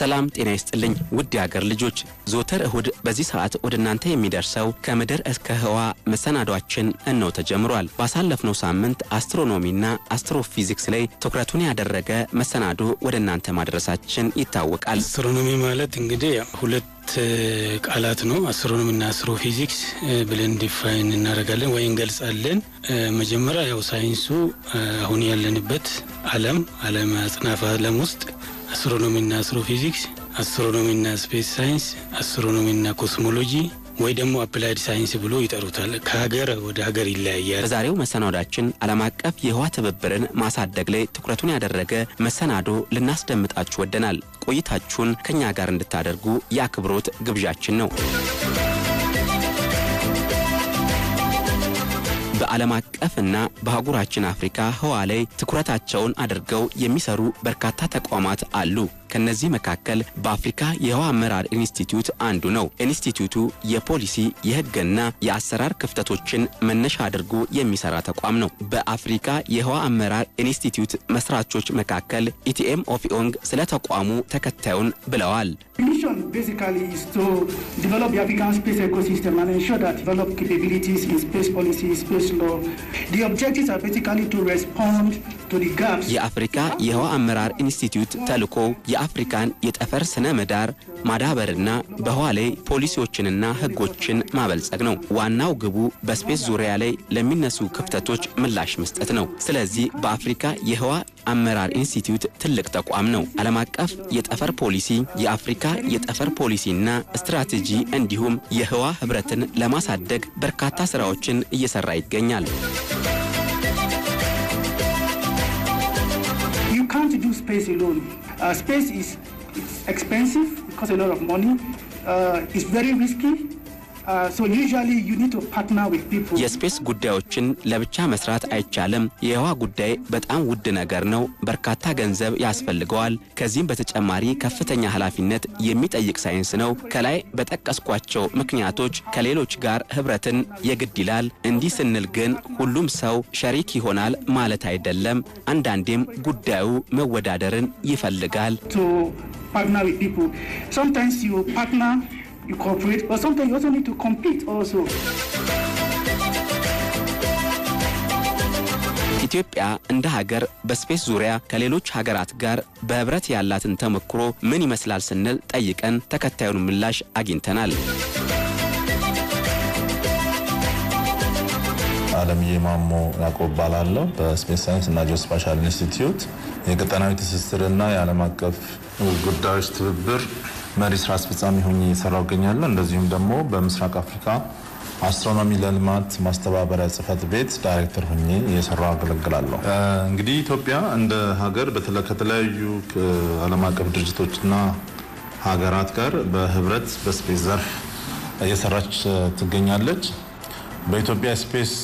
ሰላም ጤና ይስጥልኝ ውድ የአገር ልጆች፣ ዞተር እሁድ በዚህ ሰዓት ወደ እናንተ የሚደርሰው ከምድር እስከ ህዋ መሰናዷችን እነው ተጀምሯል። ባሳለፍነው ሳምንት አስትሮኖሚና አስትሮፊዚክስ ላይ ትኩረቱን ያደረገ መሰናዶ ወደ እናንተ ማድረሳችን ይታወቃል። አስትሮኖሚ ማለት እንግዲህ ሁለት ቃላት ነው። አስትሮኖሚና አስትሮፊዚክስ ብለን ዲፋይን እናደርጋለን ወይ እንገልጻለን። መጀመሪያ ያው ሳይንሱ አሁን ያለንበት ዓለም ዓለም አጽናፈ ዓለም ውስጥ አስትሮኖሚና አስትሮፊዚክስ፣ አስትሮኖሚና ስፔስ ሳይንስ፣ አስትሮኖሚና ኮስሞሎጂ ወይ ደግሞ አፕላይድ ሳይንስ ብሎ ይጠሩታል። ከሀገር ወደ ሀገር ይለያያል። በዛሬው መሰናዳችን ዓለም አቀፍ የህዋ ትብብርን ማሳደግ ላይ ትኩረቱን ያደረገ መሰናዶ ልናስደምጣችሁ ወደናል። ቆይታችሁን ከእኛ ጋር እንድታደርጉ የአክብሮት ግብዣችን ነው። በዓለም አቀፍና በአህጉራችን አፍሪካ ህዋ ላይ ትኩረታቸውን አድርገው የሚሰሩ በርካታ ተቋማት አሉ። ከነዚህ መካከል በአፍሪካ የህዋ አመራር ኢንስቲትዩት አንዱ ነው። ኢንስቲትዩቱ የፖሊሲ የህግና የአሰራር ክፍተቶችን መነሻ አድርጎ የሚሰራ ተቋም ነው። በአፍሪካ የህዋ አመራር ኢንስቲትዩት መስራቾች መካከል ኢቲኤም ኦፊኦንግ ስለ ተቋሙ ተከታዩን ብለዋል። የአፍሪካ የህዋ አመራር ኢንስቲትዩት ተልኮ የአፍሪካን የጠፈር ስነ ምህዳር ማዳበርና በህዋ ላይ ፖሊሲዎችንና ህጎችን ማበልጸግ ነው። ዋናው ግቡ በስፔስ ዙሪያ ላይ ለሚነሱ ክፍተቶች ምላሽ መስጠት ነው። ስለዚህ በአፍሪካ የህዋ አመራር ኢንስቲትዩት ትልቅ ተቋም ነው። ዓለም አቀፍ የጠፈር ፖሊሲ፣ የአፍሪካ የጠፈር ፖሊሲና ስትራቴጂ እንዲሁም የህዋ ህብረትን ለማሳደግ በርካታ ስራዎችን እየሰራ ይገኛል። space alone. Uh, space is expensive, it costs a lot of money, uh, it's very risky, Uh, የስፔስ ጉዳዮችን ለብቻ መስራት አይቻልም። የህዋ ጉዳይ በጣም ውድ ነገር ነው። በርካታ ገንዘብ ያስፈልገዋል። ከዚህም በተጨማሪ ከፍተኛ ኃላፊነት የሚጠይቅ ሳይንስ ነው። ከላይ በጠቀስኳቸው ምክንያቶች ከሌሎች ጋር ህብረትን የግድ ይላል። እንዲህ ስንል ግን ሁሉም ሰው ሸሪክ ይሆናል ማለት አይደለም። አንዳንዴም ጉዳዩ መወዳደርን ይፈልጋል። you cooperate, but sometimes you also need to compete also. ኢትዮጵያ እንደ ሀገር በስፔስ ዙሪያ ከሌሎች ሀገራት ጋር በህብረት ያላትን ተሞክሮ ምን ይመስላል ስንል ጠይቀን ተከታዩን ምላሽ አግኝተናል። አለምዬ ማሞ ያዕቆብ እባላለሁ። በስፔስ ሳይንስ እና ጂኦስፓሻል ኢንስቲትዩት የቀጠናዊ ትስስርና የዓለም አቀፍ ጉዳዮች ትብብር መሪ ስራ አስፈጻሚ ሆኜ እየሰራሁ እገኛለሁ። እንደዚሁም ደግሞ በምስራቅ አፍሪካ አስትሮኖሚ ለልማት ማስተባበሪያ ጽህፈት ቤት ዳይሬክተር ሆኜ እየሰራሁ አገለግላለሁ። እንግዲህ ኢትዮጵያ እንደ ሀገር ከተለያዩ ዓለም አቀፍ ድርጅቶችና ሀገራት ጋር በህብረት በስፔስ ዘርፍ እየሰራች ትገኛለች። በኢትዮጵያ ስፔስ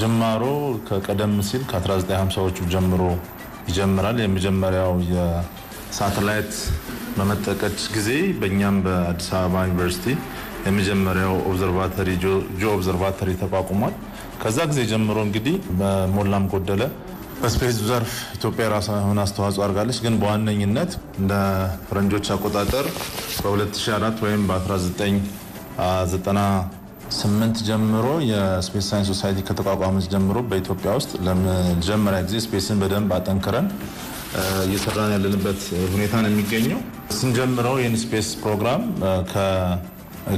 ጅማሮ ከቀደም ሲል ከ1950ዎቹ ጀምሮ ይጀምራል። የመጀመሪያው ሳተላይት በመጠቀች ጊዜ በእኛም በአዲስ አበባ ዩኒቨርሲቲ የመጀመሪያው ኦብዘርቫተሪ ጆ ኦብዘርቫተሪ ተቋቁሟል። ከዛ ጊዜ ጀምሮ እንግዲህ በሞላም ጎደለ በስፔስ ዘርፍ ኢትዮጵያ ራሷ የሆነ አስተዋጽኦ አድርጋለች። ግን በዋነኝነት እንደ ፈረንጆች አቆጣጠር በ2004 ወይም በ1998 ጀምሮ የስፔስ ሳይንስ ሶሳይቲ ከተቋቋመች ጀምሮ በኢትዮጵያ ውስጥ ለመጀመሪያ ጊዜ ስፔስን በደንብ አጠንክረን እየሰራን ያለንበት ሁኔታ ነው የሚገኘው። ስንጀምረው የኢንስፔስ ፕሮግራም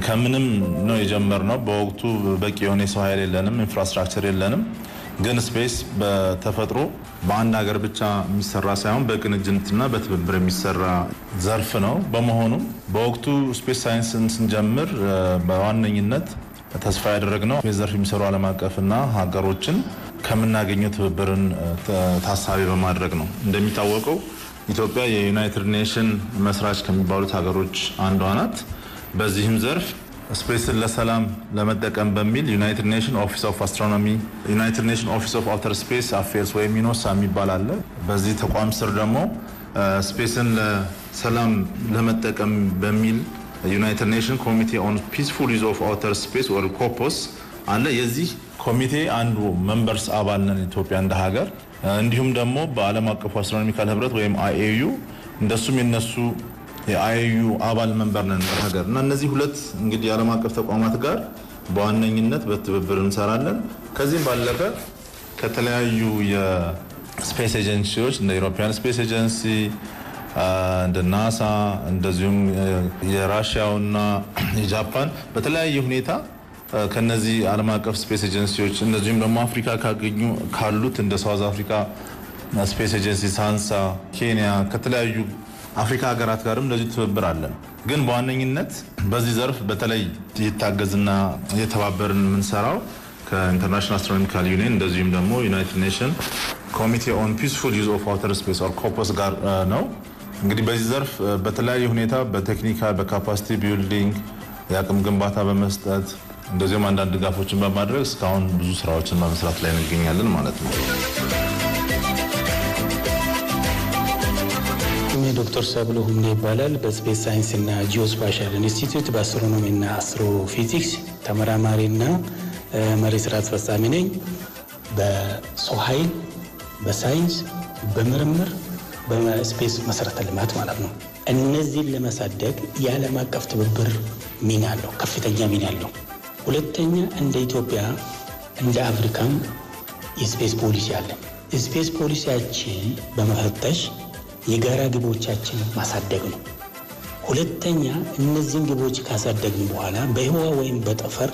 ከምንም ነው የጀመርነው። በወቅቱ በቂ የሆነ የሰው ኃይል የለንም፣ ኢንፍራስትራክቸር የለንም። ግን ስፔስ በተፈጥሮ በአንድ ሀገር ብቻ የሚሰራ ሳይሆን በቅንጅትና በትብብር የሚሰራ ዘርፍ ነው። በመሆኑም በወቅቱ ስፔስ ሳይንስን ስንጀምር በዋነኝነት ተስፋ ያደረግነው ስፔስ ዘርፍ የሚሰሩ ዓለም አቀፍና ሀገሮችን ከምናገኘው ትብብርን ታሳቢ በማድረግ ነው። እንደሚታወቀው ኢትዮጵያ የዩናይትድ ኔሽን መስራች ከሚባሉት ሀገሮች አንዷ ናት። በዚህም ዘርፍ ስፔስን ለሰላም ለመጠቀም በሚል ዩናይትድ ኔሽን ኦፊስ ኦፍ አስትሮኖሚ፣ ዩናይትድ ኔሽን ኦፊስ ኦፍ አውተር ስፔስ አፌርስ ወይም ኢኖሳ የሚባል አለ። በዚህ ተቋም ስር ደግሞ ስፔስን ለሰላም ለመጠቀም በሚል ዩናይትድ ኔሽን ኮሚቴ ኦን ፒስፉል ዩዝ ኦፍ አውተር ስፔስ ወር ኮፖስ አለ። የዚህ ኮሚቴ አንዱ መንበርስ አባል ነን ኢትዮጵያ እንደ ሀገር። እንዲሁም ደግሞ በዓለም አቀፉ አስትሮኖሚካል ህብረት ወይም አይኤዩ እንደሱም የነሱ የአይዩ አባል መንበር ነን ሀገር እና እነዚህ ሁለት እንግዲህ የዓለም አቀፍ ተቋማት ጋር በዋነኝነት በትብብር እንሰራለን። ከዚህም ባለፈ ከተለያዩ የስፔስ ኤጀንሲዎች እንደ ኢሮፒያን ስፔስ ኤጀንሲ እንደ ናሳ እንደዚሁም የራሽያውና የጃፓን በተለያየ ሁኔታ ከነዚህ ዓለም አቀፍ ስፔስ ኤጀንሲዎች እንደዚሁም ደግሞ አፍሪካ ካገኙ ካሉት እንደ ሳውዝ አፍሪካ ስፔስ ኤጀንሲ፣ ሳንሳ፣ ኬንያ ከተለያዩ አፍሪካ ሀገራት ጋርም እንደዚሁ ትብብር አለን። ግን በዋነኝነት በዚህ ዘርፍ በተለይ የታገዝና የተባበርን የምንሰራው ከኢንተርናሽናል አስትሮኖሚካል ዩኒየን እንደዚሁም ደግሞ ዩናይትድ ኔሽን ኮሚቴ ኦን ፒስፉል ዩዝ ኦፍ ዋተር ስፔስ ኦር ኮፖስ ጋር ነው። እንግዲህ በዚህ ዘርፍ በተለያየ ሁኔታ በቴክኒካል በካፓሲቲ ቢልዲንግ የአቅም ግንባታ በመስጠት እንደዚሁም አንዳንድ ድጋፎችን በማድረግ እስካሁን ብዙ ስራዎችን በመስራት ላይ እንገኛለን ማለት ነው። ስሜ ዶክተር ሰብሎ ሁምኔ ይባላል። በስፔስ ሳይንስ እና ጂኦስፓሻል ኢንስቲትዩት በአስትሮኖሚ እና አስትሮፊዚክስ ተመራማሪና መሪ ስራ አስፈጻሚ ነኝ። በሰው ኃይል፣ በሳይንስ፣ በምርምር፣ በስፔስ መሰረተ ልማት ማለት ነው። እነዚህን ለማሳደግ የዓለም አቀፍ ትብብር ሚና አለው፣ ከፍተኛ ሚና አለው። ሁለተኛ እንደ ኢትዮጵያ እንደ አፍሪካም የስፔስ ፖሊሲ አለን። ስፔስ ፖሊሲያችን በመፈተሽ የጋራ ግቦቻችን ማሳደግ ነው። ሁለተኛ እነዚህን ግቦች ካሳደግን በኋላ በህዋ ወይም በጠፈር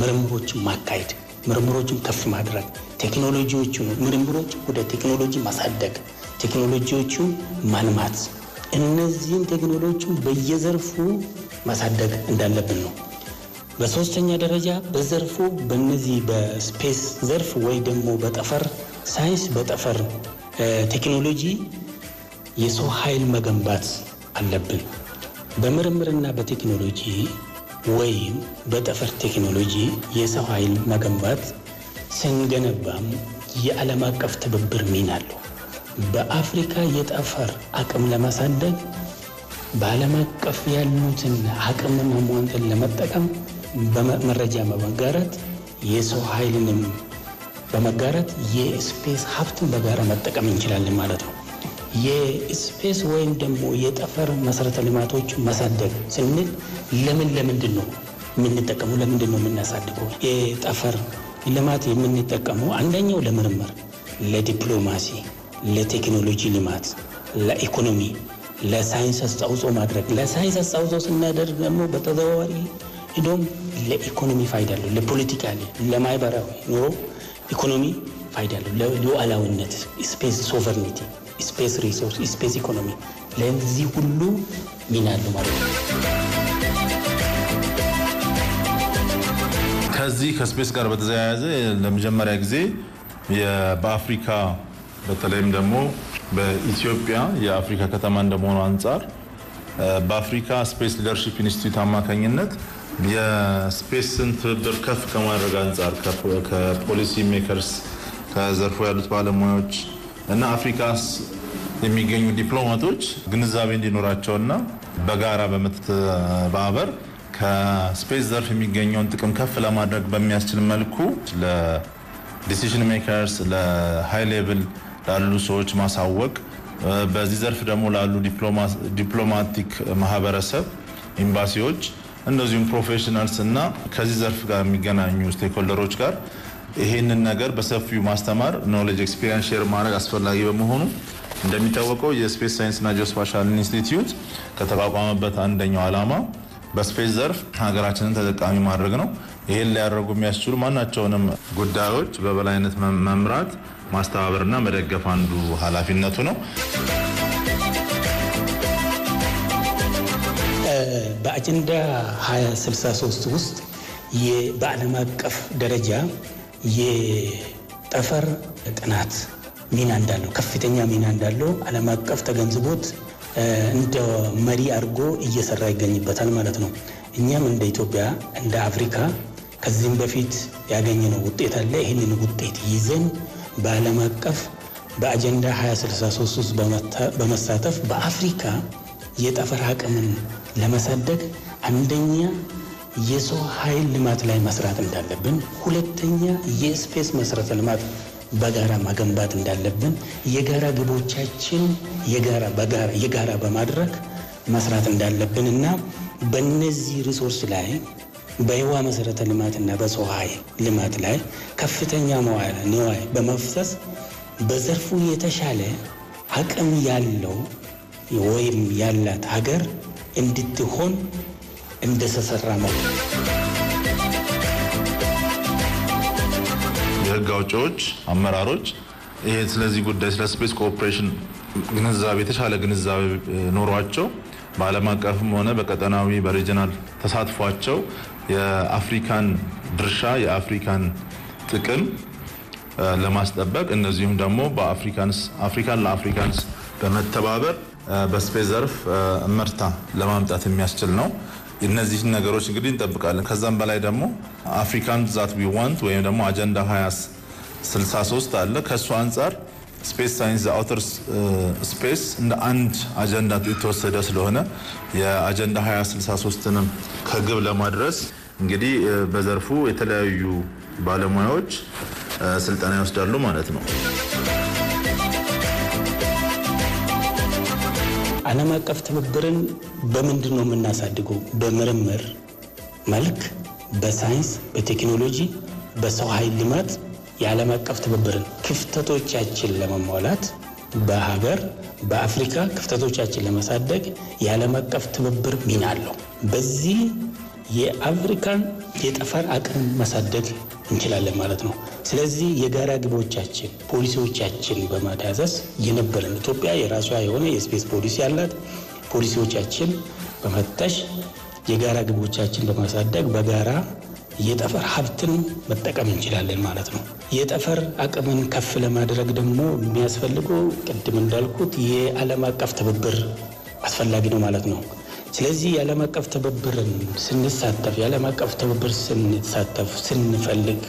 ምርምሮችን ማካሄድ፣ ምርምሮችን ከፍ ማድረግ፣ ቴክኖሎጂዎቹ ምርምሮች ወደ ቴክኖሎጂ ማሳደግ፣ ቴክኖሎጂዎቹ ማልማት፣ እነዚህን ቴክኖሎጂ በየዘርፉ ማሳደግ እንዳለብን ነው በሶስተኛ ደረጃ በዘርፉ በነዚህ በስፔስ ዘርፍ ወይ ደግሞ በጠፈር ሳይንስ፣ በጠፈር ቴክኖሎጂ የሰው ኃይል መገንባት አለብን። በምርምርና በቴክኖሎጂ ወይም በጠፈር ቴክኖሎጂ የሰው ኃይል መገንባት ስንገነባም የዓለም አቀፍ ትብብር ሚና አለው። በአፍሪካ የጠፈር አቅም ለማሳደግ በዓለም አቀፍ ያሉትን አቅምና ሟንትን ለመጠቀም በመረጃ በመጋራት የሰው ኃይልንም በመጋራት የስፔስ ሀብትን በጋራ መጠቀም እንችላለን ማለት ነው። የስፔስ ወይም ደግሞ የጠፈር መሰረተ ልማቶች መሳደግ ስንል ለምን ለምንድን ነው የምንጠቀመው? ለምንድን ነው የምናሳድገው? የጠፈር ልማት የምንጠቀመው አንደኛው ለምርምር፣ ለዲፕሎማሲ፣ ለቴክኖሎጂ ልማት፣ ለኢኮኖሚ፣ ለሳይንስ አስተዋጽኦ ማድረግ። ለሳይንስ አስተዋጽኦ ስናደርግ ደግሞ በተዘዋዋሪ እንደውም ለኢኮኖሚ ፋይዳ አለው፣ ለፖለቲካ፣ ለማህበራዊ ኑሮ ኢኮኖሚ ፋይዳ አለው። ለሉዓላዊነት፣ ስፔስ ሶቨርኒቲ፣ ስፔስ ሪሶርስ፣ ስፔስ ኢኮኖሚ ለዚህ ሁሉ ሚና አለው ማለት ነው። ከዚህ ከስፔስ ጋር በተያያዘ ለመጀመሪያ ጊዜ በአፍሪካ በተለይም ደግሞ በኢትዮጵያ የአፍሪካ ከተማ እንደመሆኑ አንጻር በአፍሪካ ስፔስ ሊደርሺፕ ኢንስቲትዩት አማካኝነት የስፔስን ትብብር ከፍ ከማድረግ አንጻር ከፖሊሲ ሜከርስ ከዘርፎ ያሉት ባለሙያዎች እና አፍሪካስ የሚገኙ ዲፕሎማቶች ግንዛቤ እንዲኖራቸውና በጋራ በመተባበር ከስፔስ ዘርፍ የሚገኘውን ጥቅም ከፍ ለማድረግ በሚያስችል መልኩ ለዲሲሽን ሜከርስ ለሃይ ሌቭል ላሉ ሰዎች ማሳወቅ በዚህ ዘርፍ ደግሞ ላሉ ዲፕሎማቲክ ማህበረሰብ ኤምባሲዎች እንደዚሁም ፕሮፌሽናልስ እና ከዚህ ዘርፍ ጋር የሚገናኙ ስቴክሆልደሮች ጋር ይህንን ነገር በሰፊው ማስተማር ኖሌጅ ኤክስፒሪንስ ሼር ማድረግ አስፈላጊ በመሆኑ እንደሚታወቀው የስፔስ ሳይንስና ጂኦስፓሻል ኢንስቲትዩት ከተቋቋመበት አንደኛው ዓላማ በስፔስ ዘርፍ ሀገራችንን ተጠቃሚ ማድረግ ነው። ይህን ሊያደርጉ የሚያስችሉ ማናቸውንም ጉዳዮች በበላይነት መምራት ማስተባበርና መደገፍ አንዱ ኃላፊነቱ ነው። በአጀንዳ 2063 ውስጥ በዓለም አቀፍ ደረጃ የጠፈር ጥናት ሚና እንዳለው ከፍተኛ ሚና እንዳለው ዓለም አቀፍ ተገንዝቦት እንደ መሪ አድርጎ እየሰራ ይገኝበታል ማለት ነው። እኛም እንደ ኢትዮጵያ እንደ አፍሪካ ከዚህም በፊት ያገኘነው ውጤት አለ። ይህንን ውጤት ይዘን በዓለም አቀፍ በአጀንዳ 2063 ውስጥ በመሳተፍ በአፍሪካ የጠፈር አቅምን ለመሳደግ አንደኛ የሰው ኃይል ልማት ላይ መስራት እንዳለብን፣ ሁለተኛ የስፔስ መሰረተ ልማት በጋራ ማገንባት እንዳለብን፣ የጋራ ግቦቻችን የጋራ በማድረግ መስራት እንዳለብን እና በእነዚህ ሪሶርስ ላይ በህዋ መሰረተ ልማትና በሰው ኃይል ልማት ላይ ከፍተኛ መዋዕለ ንዋይ በመፍሰስ በዘርፉ የተሻለ አቅም ያለው ወይም ያላት ሀገር እንድትሆን እንደተሰራ ነው። የህግ አውጪዎች፣ አመራሮች ይሄ ስለዚህ ጉዳይ ስለ ስፔስ ኮኦፕሬሽን ግንዛቤ የተሻለ ግንዛቤ ኖሯቸው በዓለም አቀፍም ሆነ በቀጠናዊ በሪጅናል ተሳትፏቸው የአፍሪካን ድርሻ የአፍሪካን ጥቅም ለማስጠበቅ እነዚሁም ደግሞ በአፍሪካንስ አፍሪካን ለአፍሪካንስ በመተባበር በስፔስ ዘርፍ ምርታ ለማምጣት የሚያስችል ነው። እነዚህን ነገሮች እንግዲህ እንጠብቃለን። ከዛም በላይ ደግሞ አፍሪካን ዛት ዊ ዋንት ወይም ደግሞ አጀንዳ 2063 አለ። ከእሱ አንጻር ስፔስ ሳይንስ አውተር ስፔስ እንደ አንድ አጀንዳ የተወሰደ ስለሆነ የአጀንዳ 2063ንም ከግብ ለማድረስ እንግዲህ በዘርፉ የተለያዩ ባለሙያዎች ስልጠና ይወስዳሉ ማለት ነው። ዓለም አቀፍ ትብብርን በምንድን ነው የምናሳድገው? በምርምር መልክ፣ በሳይንስ፣ በቴክኖሎጂ፣ በሰው ኃይል ልማት የዓለም አቀፍ ትብብርን ክፍተቶቻችን ለመሟላት በሀገር በአፍሪካ ክፍተቶቻችን ለማሳደግ የዓለም አቀፍ ትብብር ሚና አለው። በዚህ የአፍሪካን የጠፈር አቅም ማሳደግ እንችላለን ማለት ነው። ስለዚህ የጋራ ግቦቻችን ፖሊሲዎቻችን በማዳዘስ የነበረን ኢትዮጵያ የራሷ የሆነ የስፔስ ፖሊሲ ያላት ፖሊሲዎቻችን በመጠሽ የጋራ ግቦቻችን በማሳደግ በጋራ የጠፈር ሀብትን መጠቀም እንችላለን ማለት ነው። የጠፈር አቅምን ከፍ ለማድረግ ደግሞ የሚያስፈልገው ቅድም እንዳልኩት የዓለም አቀፍ ትብብር አስፈላጊ ነው ማለት ነው። ስለዚህ የዓለም አቀፍ ትብብርን ስንሳተፍ የዓለም አቀፍ ትብብር ስንሳተፍ ስንፈልግ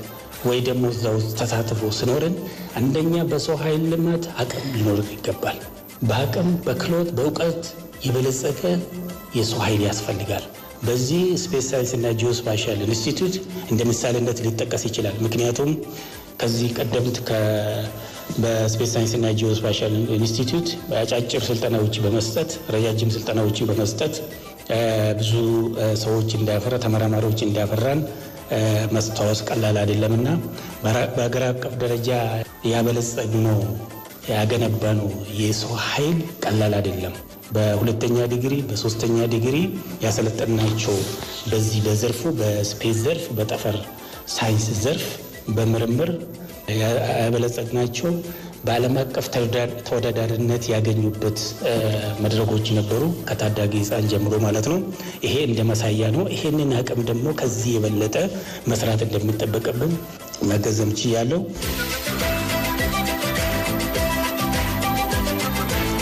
ወይ ደግሞ እዛ ውስጥ ተሳትፎ ስኖርን አንደኛ በሰው ኃይል ልማት አቅም ሊኖር ይገባል። በአቅም በክሎት በእውቀት የበለጸገ የሰው ኃይል ያስፈልጋል። በዚህ ስፔስ ሳይንስና ጂኦስፓሻል ኢንስቲትዩት እንደ ምሳሌነት ሊጠቀስ ይችላል። ምክንያቱም ከዚህ ቀደምት በስፔስ ሳይንስና ጂኦስፓሻል ኢንስቲትዩት አጫጭር ስልጠናዎች በመስጠት ረጃጅም ስልጠናዎች በመስጠት ብዙ ሰዎች እንዳፈራ ተመራማሪዎች እንዳፈራን መስታወስ ቀላል አይደለም እና በሀገር አቀፍ ደረጃ ያበለጸግነው ያገነባነው የሰው ኃይል ቀላል አይደለም። በሁለተኛ ዲግሪ በሶስተኛ ዲግሪ ያሰለጠናቸው በዚህ በዘርፉ በስፔስ ዘርፍ በጠፈር ሳይንስ ዘርፍ በምርምር ያበለጸግናቸው በዓለም አቀፍ ተወዳዳሪነት ያገኙበት መድረኮች ነበሩ፣ ከታዳጊ ህፃን ጀምሮ ማለት ነው። ይሄ እንደ ማሳያ ነው። ይሄንን አቅም ደግሞ ከዚህ የበለጠ መስራት እንደሚጠበቅብን መገንዘብ ችያለሁ።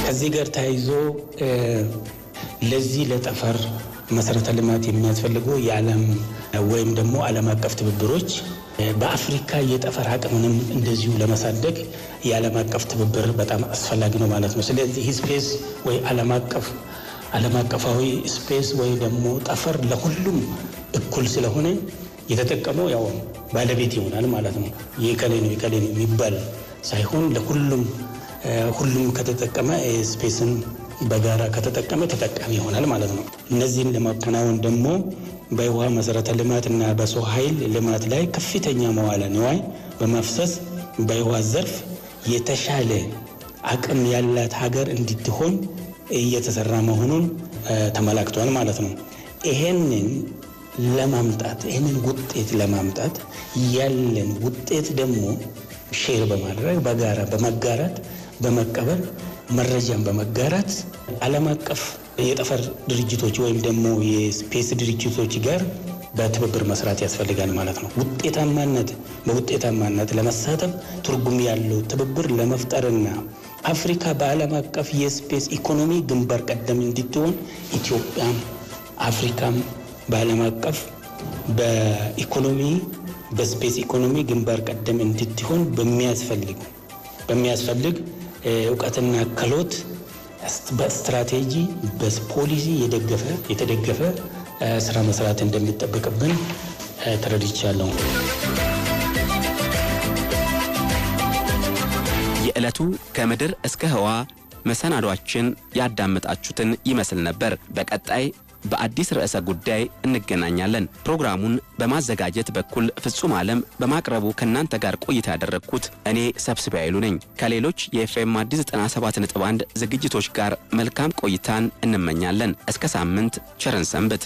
ከዚህ ጋር ተያይዞ ለዚህ ለጠፈር መሰረተ ልማት የሚያስፈልጉ የዓለም ወይም ደግሞ ዓለም አቀፍ ትብብሮች በአፍሪካ የጠፈር አቅምንም እንደዚሁ ለማሳደግ የዓለም አቀፍ ትብብር በጣም አስፈላጊ ነው ማለት ነው። ስለዚህ ስፔስ ወይ ዓለም አቀፍ ዓለም አቀፋዊ ስፔስ ወይ ደግሞ ጠፈር ለሁሉም እኩል ስለሆነ የተጠቀመው ያው ባለቤት ይሆናል ማለት ነው። የከሌ ነው የሚባል ሳይሆን ለሁሉም ሁሉም ከተጠቀመ ስፔስን በጋራ ከተጠቀመ ተጠቃሚ ይሆናል ማለት ነው። እነዚህን ለማከናወን ደግሞ በውሃ መሰረተ ልማት እና በሰው ኃይል ልማት ላይ ከፍተኛ መዋለ ንዋይ በማፍሰስ በውሃ ዘርፍ የተሻለ አቅም ያላት ሀገር እንድትሆን እየተሰራ መሆኑን ተመላክቷል ማለት ነው። ይሄንን ለማምጣት ይህንን ውጤት ለማምጣት ያለን ውጤት ደግሞ ሼር በማድረግ በጋራ በመጋራት በመቀበል መረጃን በመጋራት ዓለም አቀፍ የጠፈር ድርጅቶች ወይም ደግሞ የስፔስ ድርጅቶች ጋር በትብብር መስራት ያስፈልጋል ማለት ነው። ውጤታማነት በውጤታማነት ለመሳተፍ ትርጉም ያለው ትብብር ለመፍጠርና አፍሪካ በዓለም አቀፍ የስፔስ ኢኮኖሚ ግንባር ቀደም እንድትሆን ኢትዮጵያም አፍሪካም በዓለም አቀፍ በኢኮኖሚ በስፔስ ኢኮኖሚ ግንባር ቀደም እንድትሆን በሚያስፈልግ በሚያስፈልግ እውቀትና ክህሎት በስትራቴጂ በፖሊሲ የደገፈ የተደገፈ ስራ መስራት እንደሚጠበቅብን ተረድቻለሁ። የዕለቱ ከምድር እስከ ህዋ መሰናዷችን ያዳመጣችሁትን ይመስል ነበር። በቀጣይ በአዲስ ርዕሰ ጉዳይ እንገናኛለን። ፕሮግራሙን በማዘጋጀት በኩል ፍጹም ዓለም በማቅረቡ ከእናንተ ጋር ቆይታ ያደረግኩት እኔ ሰብስቤ አይሉ ነኝ። ከሌሎች የኤፍኤም አዲስ 97.1 ዝግጅቶች ጋር መልካም ቆይታን እንመኛለን። እስከ ሳምንት ቸርን ሰንብት።